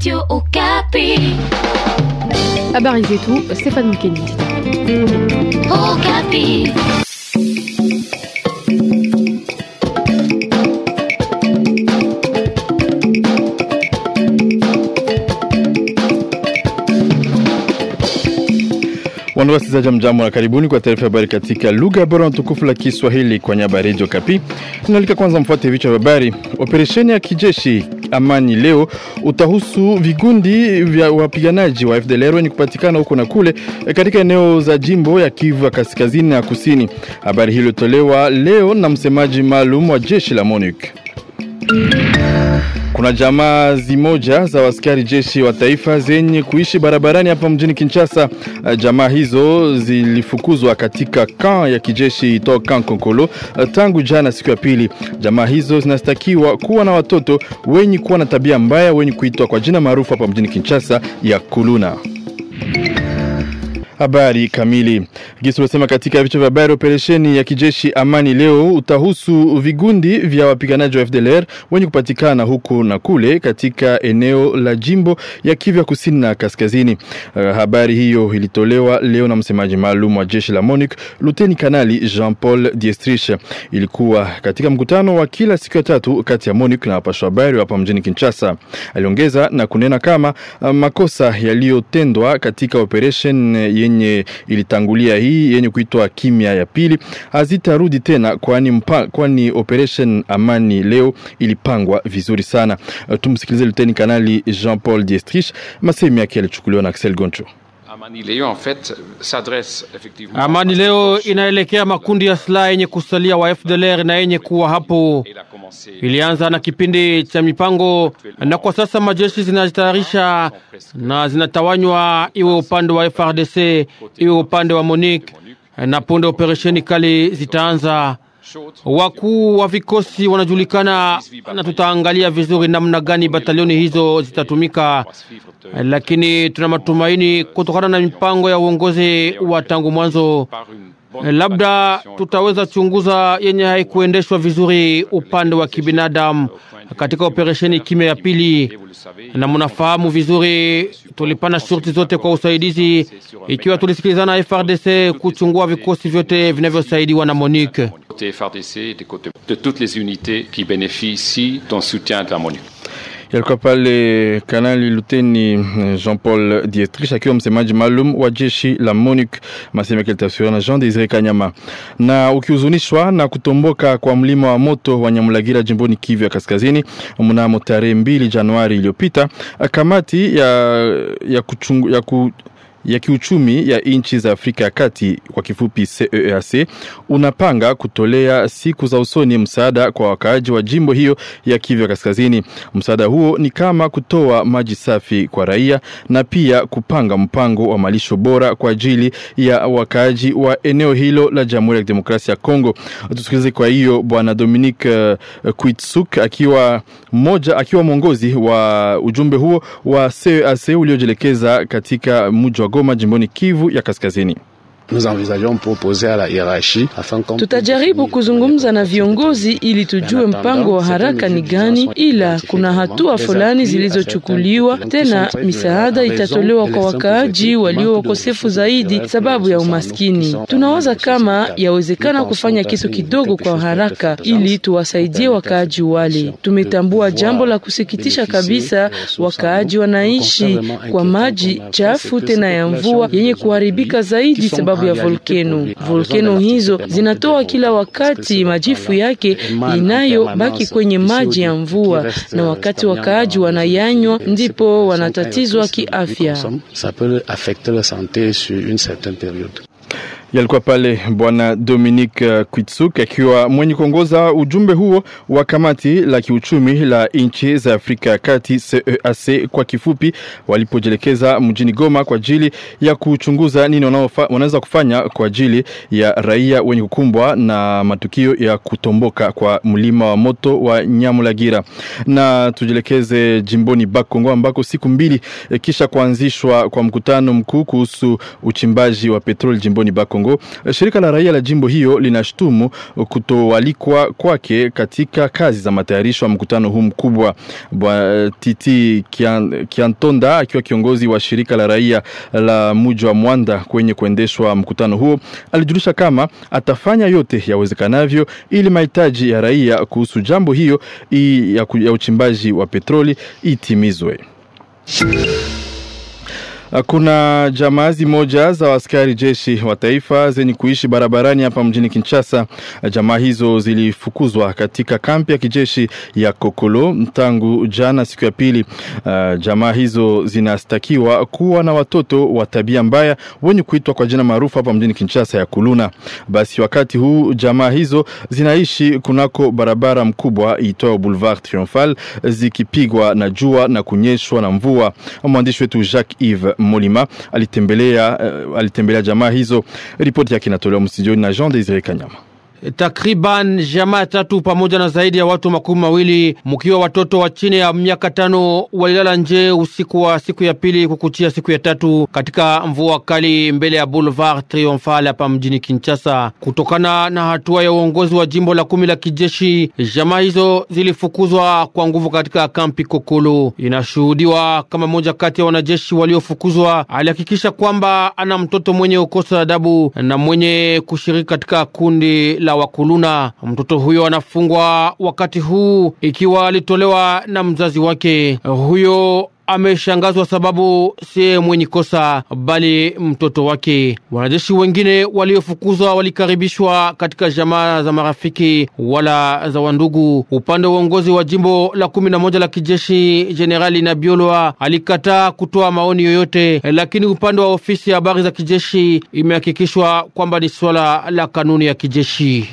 Radio Okapi. Habari tout, Stéphane Mukeni. Okapi. Wana wasikilizaji, mjambo na karibuni kwa taarifa habari katika lugha bora na tukufu la Kiswahili kwa niaba ya Radio Kapi. Tunaalika kwanza mfuate vichwa vya habari. Operesheni ya kijeshi Amani leo utahusu vigundi vya wapiganaji wa FDLR wenye kupatikana huko na kule eh, katika eneo za jimbo ya Kivu ya kaskazini na kusini. Habari hii tolewa leo na msemaji maalum wa jeshi la MONUC. Kuna jamaa zimoja za askari jeshi wa taifa zenye kuishi barabarani hapa mjini Kinshasa. Eh, jamaa hizo zilifukuzwa katika kan ya kijeshi to kan Konkolo eh, tangu jana siku ya pili. Jamaa hizo zinastakiwa kuwa na watoto wenye kuwa na tabia mbaya wenye kuitwa kwa jina maarufu hapa mjini Kinshasa ya kuluna habari kamili. Gisu unasema katika vichwa vya habari, operesheni ya kijeshi Amani leo utahusu vigundi vya wapiganaji wa FDLR wenye kupatikana huku na kule katika eneo la jimbo ya Kivu Kusini na Kaskazini. Uh, habari hiyo ilitolewa leo na msemaji maalum wa jeshi la MONUC Luteni Kanali Jean-Paul Diestrich. Ilikuwa katika mkutano wa kila siku ya tatu kati ya MONUC na wapasha habari hapa mjini Kinshasa. Aliongeza na kunena kama uh, makosa yaliyotendwa katika operesheni yenye ilitangulia hii yenye kuitwa kimya ya pili hazitarudi tena kwani mpa, kwani operation amani leo ilipangwa vizuri sana. Uh, tumsikilize Luteni Kanali Jean-Paul Diestrich, masemi yake yalichukuliwa na Axel Goncho. Amani Leo en fait s'adresse effectivement. Amani Leo inaelekea makundi ya silaha yenye kusalia wa FDLR na yenye kuwa hapo. Ilianza na kipindi cha mipango, na kwa sasa majeshi zinajitayarisha na zinatawanywa, iwe upande wa FRDC iwe upande wa MONUC, na punde operesheni kali zitaanza. Wakuu wa vikosi wanajulikana na tutaangalia vizuri namna gani batalioni hizo zitatumika, lakini tuna matumaini kutokana na mipango ya uongozi wa tangu mwanzo, labda tutaweza chunguza yenye haikuendeshwa vizuri upande wa kibinadamu katika operesheni kimya ya pili. Na mnafahamu vizuri, tulipana shurti zote kwa usaidizi, ikiwa tulisikilizana FRDC kuchungua vikosi vyote vinavyosaidiwa na Monique. côté FRDC et des côtés de toutes les unités qui bénéficient d'un soutien de la Il MONUC. Yalkopale kanali luteni Jean-Paul Dietrich akiwa msemaji maalum wa jeshi la MONUC masema yalitafsiriwa na Jean Desire Kanyama. Na ukihuzunishwa na kutomboka kwa mlima wa moto wa Nyamulagira jimboni Kivu ya Kaskazini mnamo tarehe 2 Januari iliyopita, kamati ya ya kuchungu, ya ku ya kiuchumi ya nchi za Afrika ya Kati, kwa kifupi CEEAC, e unapanga kutolea siku za usoni msaada kwa wakaaji wa jimbo hiyo ya Kivu Kaskazini. Msaada huo ni kama kutoa maji safi kwa raia na pia kupanga mpango wa malisho bora kwa ajili ya wakaaji wa eneo hilo la Jamhuri ya Kidemokrasia ya Kongo. Tusikilize kwa hiyo Bwana Dominic eh, Kuitsuk akiwa mmoja akiwa mwongozi wa ujumbe huo wa CEEAC uliojelekeza katika mji wa Goma jimboni Kivu ya Kaskazini. Tutajaribu kuzungumza na viongozi ili tujue mpango wa haraka ni gani, ila kuna hatua fulani zilizochukuliwa. Tena misaada itatolewa kwa wakaaji walio wakosefu zaidi sababu ya umaskini. Tunawaza kama yawezekana kufanya kitu kidogo kwa haraka ili tuwasaidie wakaaji wale. Tumetambua jambo la kusikitisha euh, kabisa, wakaaji wanaishi kwa maji chafu tena ya mvua yenye kuharibika zaidi sababu vya volkeno. Volkeno hizo zinatoa kila wakati majifu yake inayobaki kwenye maji ya mvua, na wakati wakaaji wanayanywa ndipo wanatatizwa kiafya. Yalikuwa pale bwana Dominic uh, Kwitsuk akiwa mwenye kuongoza ujumbe huo wa kamati la kiuchumi la nchi za Afrika ya Kati CEAC e kwa kifupi, walipojielekeza mjini Goma kwa ajili ya kuchunguza nini wanaweza kufanya kwa ajili ya raia wenye kukumbwa na matukio ya kutomboka kwa mlima wa moto wa Nyamulagira. Na tujielekeze jimboni Bakongo ambako siku mbili eh, kisha kuanzishwa kwa mkutano mkuu kuhusu uchimbaji wa petroli jimboni Bakongo Kongo. Eh, shirika la raia la jimbo hiyo linashtumu eh, kutoalikwa kwake katika kazi za matayarisho ya mkutano huu mkubwa. Bwa eh, Titi Kian, Kiantonda akiwa kiongozi wa shirika la raia la muji wa Mwanda kwenye kuendeshwa mkutano huo alijulisha kama atafanya yote yawezekanavyo ili mahitaji ya raia kuhusu jambo hiyo ya uchimbaji wa petroli itimizwe. Kuna jamaazi moja za askari jeshi wa taifa zenye kuishi barabarani hapa mjini Kinshasa. Jamaa hizo zilifukuzwa katika kampi ya kijeshi ya Kokolo tangu jana siku ya pili. Uh, jamaa hizo zinastakiwa kuwa na watoto wa tabia mbaya wenye kuitwa kwa jina maarufu hapa mjini Kinshasa ya kuluna. Basi wakati huu jamaa hizo zinaishi kunako barabara mkubwa iitwayo Boulevard Triomphal zikipigwa na jua na kunyeshwa na mvua. Mwandishi wetu Jacques Yves Molima alitembelea, eh, alitembelea jamaa hizo. Ripoti yake inatolewa msijoni na Jean Desire Kanyama. Takriban jamaa tatu pamoja na zaidi ya watu makumi mawili mkiwa watoto wa chini ya miaka tano walilala nje usiku wa siku ya pili kukuchia siku ya tatu katika mvua kali mbele ya Boulevard Triomphal hapa mjini Kinshasa. Kutokana na hatua ya uongozi wa jimbo la kumi la kijeshi, jamaa hizo zilifukuzwa kwa nguvu katika kampi Kokolo. Inashuhudiwa kama mmoja kati ya wanajeshi waliofukuzwa alihakikisha kwamba ana mtoto mwenye ukosa adabu na mwenye kushiriki katika kundi la la Wakuluna. Mtoto huyo anafungwa wakati huu ikiwa alitolewa na mzazi wake huyo ameshangazwa sababu siye mwenye kosa bali mtoto wake. Wanajeshi wengine waliofukuzwa walikaribishwa katika jamaa za marafiki wala za wandugu. Upande wa uongozi wa jimbo la kumi na moja la kijeshi, Jenerali Nabiolwa alikataa kutoa maoni yoyote, lakini upande wa ofisi ya habari za kijeshi imehakikishwa kwamba ni swala la kanuni ya kijeshi.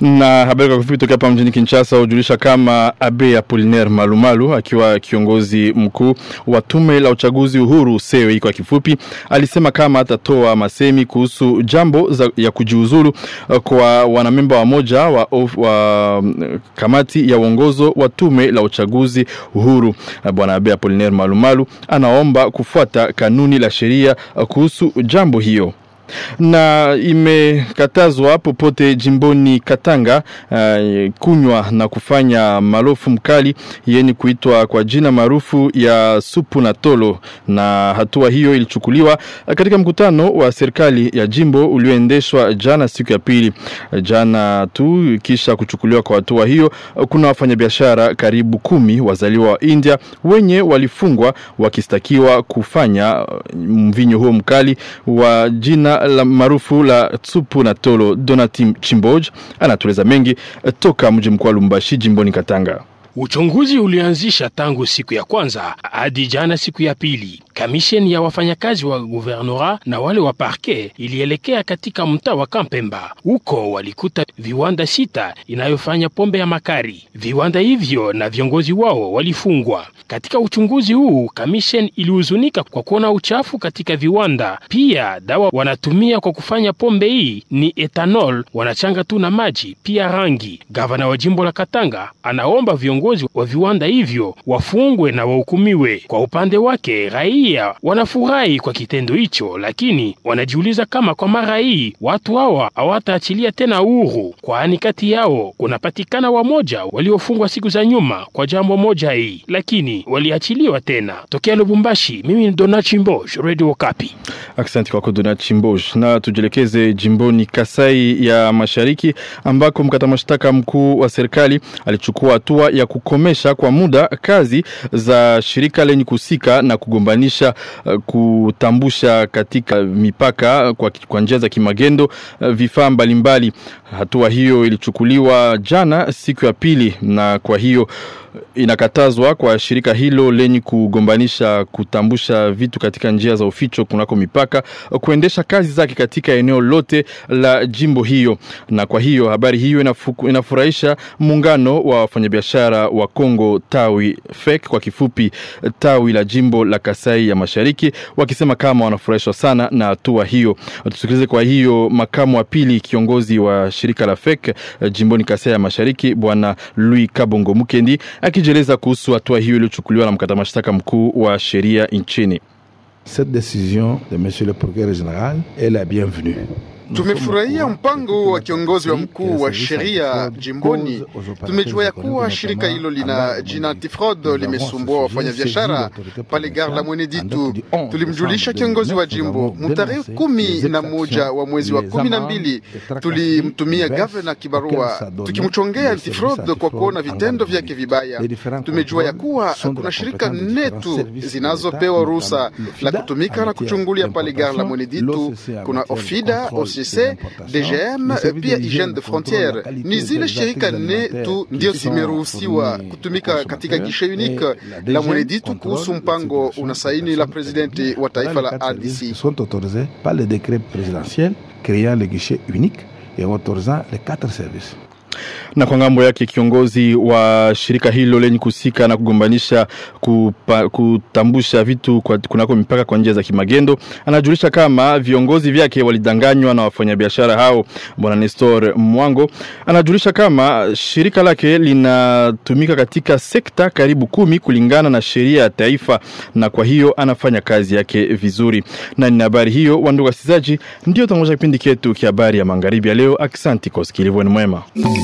Na habari kwa tokea hapa mjini Kinshasa hujulisha kama Abe Apolinaire Malumalu akiwa kiongozi mkuu wa tume la uchaguzi uhuru sewe kwa kifupi alisema kama atatoa masemi kuhusu jambo za, ya kujiuzulu uh, kwa wanamemba wa moja wa, of, wa mm, kamati ya uongozo wa tume la uchaguzi uhuru. Uh, Bwana Abe Apolinaire Malumalu anaomba kufuata kanuni la sheria uh, kuhusu jambo hiyo na imekatazwa popote jimboni Katanga uh, kunywa na kufanya malofu mkali yeni kuitwa kwa jina maarufu ya supu na tolo, na hatua hiyo ilichukuliwa katika mkutano wa serikali ya jimbo ulioendeshwa jana siku ya pili. Jana tu kisha kuchukuliwa kwa hatua hiyo, kuna wafanyabiashara karibu kumi wazaliwa wa India wenye walifungwa wakistakiwa kufanya eh, mvinyo huo mkali wa jina la maarufu la Tsupu na Tolo, Donati Chimboj anatueleza mengi eh, toka mji mkuu wa Lumbashi jimboni Katanga. Uchunguzi ulianzisha tangu siku ya kwanza hadi jana siku ya pili. Kamisheni ya wafanyakazi wa guvernora na wale wa parke ilielekea katika mtaa wa Kampemba. Huko walikuta viwanda sita inayofanya pombe ya makari. Viwanda hivyo na viongozi wao walifungwa. Katika uchunguzi huu, kamisheni ilihuzunika kwa kuona uchafu katika viwanda. Pia dawa wanatumia kwa kufanya pombe hii ni etanol wanachanga tu na maji, pia rangi. Gavana wa jimbo la Katanga anaomba viongozi wa viwanda hivyo wafungwe na wahukumiwe. Kwa upande wake raia pia wanafurahi kwa kitendo hicho, lakini wanajiuliza kama kwa mara hii watu hawa hawataachilia tena uhuru, kwani kati yao kunapatikana wamoja waliofungwa siku za nyuma kwa jambo moja hii, lakini waliachiliwa tena. Tokea Lubumbashi, mimi ni Donald Chimbosh, Radio Okapi. Asante kwako Donald Chimbosh, na tujielekeze jimboni Kasai ya Mashariki ambako mkata mashtaka mkuu wa serikali alichukua hatua ya kukomesha kwa muda kazi za shirika lenye kuhusika na kugombanisha kuwezesha eh, kutambusha katika mipaka eh, kwa, kwa njia za kimagendo eh, vifaa mbalimbali. Hatua hiyo ilichukuliwa jana siku ya pili, na kwa hiyo inakatazwa kwa shirika hilo lenye kugombanisha kutambusha vitu katika njia za uficho kunako mipaka kuendesha kazi zake katika eneo lote la jimbo hiyo. Na kwa hiyo habari hiyo inafuku, inafurahisha muungano wa wafanyabiashara wa Kongo tawi FEC kwa kifupi, tawi la jimbo la Kasai ya Mashariki, wakisema kama wanafurahishwa sana na hatua hiyo. Tusikilize kwa hiyo makamu wa pili kiongozi wa shirika la FEC jimboni Kasai ya Mashariki, bwana Louis Kabongo Mukendi akijieleza kuhusu hatua hiyo iliyochukuliwa na mkata mashtaka mkuu wa sheria nchini. Cette décision de monsieur le procureur général est la bienvenue. Tumefurahia mpango wa kiongozi wa mkuu wa sheria jimboni. Tumejua ya kuwa shirika hilo lina jina Tifrod limesumbua biashara pale gare la Mweneditu. Tulimjulisha kiongozi wa jimbo mutarehe kumi na moja wa mwezi wa kumi na mbili tulimtumia gavana kibarua tukimchongea Tifrod kwa kuona vitendo vyake vibaya. Tumejua ya kuwa kuna shirika nne tu zinazopewa ruhusa la kutumika na kuchungulia pale gare la Mweneditu. Kuna Ofida, Osi HCC, DGM, pia hygiene de frontière. Ni zile shirika nne tu ndio zimeruhusiwa kutumika katika gishe unique la mweneditu kuhusu mpango unasaini la presidenti wa taifa la RDC créant le guichet unique et autorisant les quatre services. Na kwa ngambo yake kiongozi wa shirika hilo lenye kusika na kugombanisha kupa, kutambusha vitu kwa, kunako mipaka kwa njia za kimagendo anajulisha kama viongozi vyake walidanganywa na wafanyabiashara hao. Bwana Nestor Mwango anajulisha kama shirika lake linatumika katika sekta karibu kumi kulingana na sheria ya taifa na kwa hiyo anafanya kazi yake vizuri. Na ni habari hiyo wandugu wasikilizaji, ndio tangoja kipindi chetu kia habari ya magharibi ya leo. Aksanti kwa usikilivu mwema.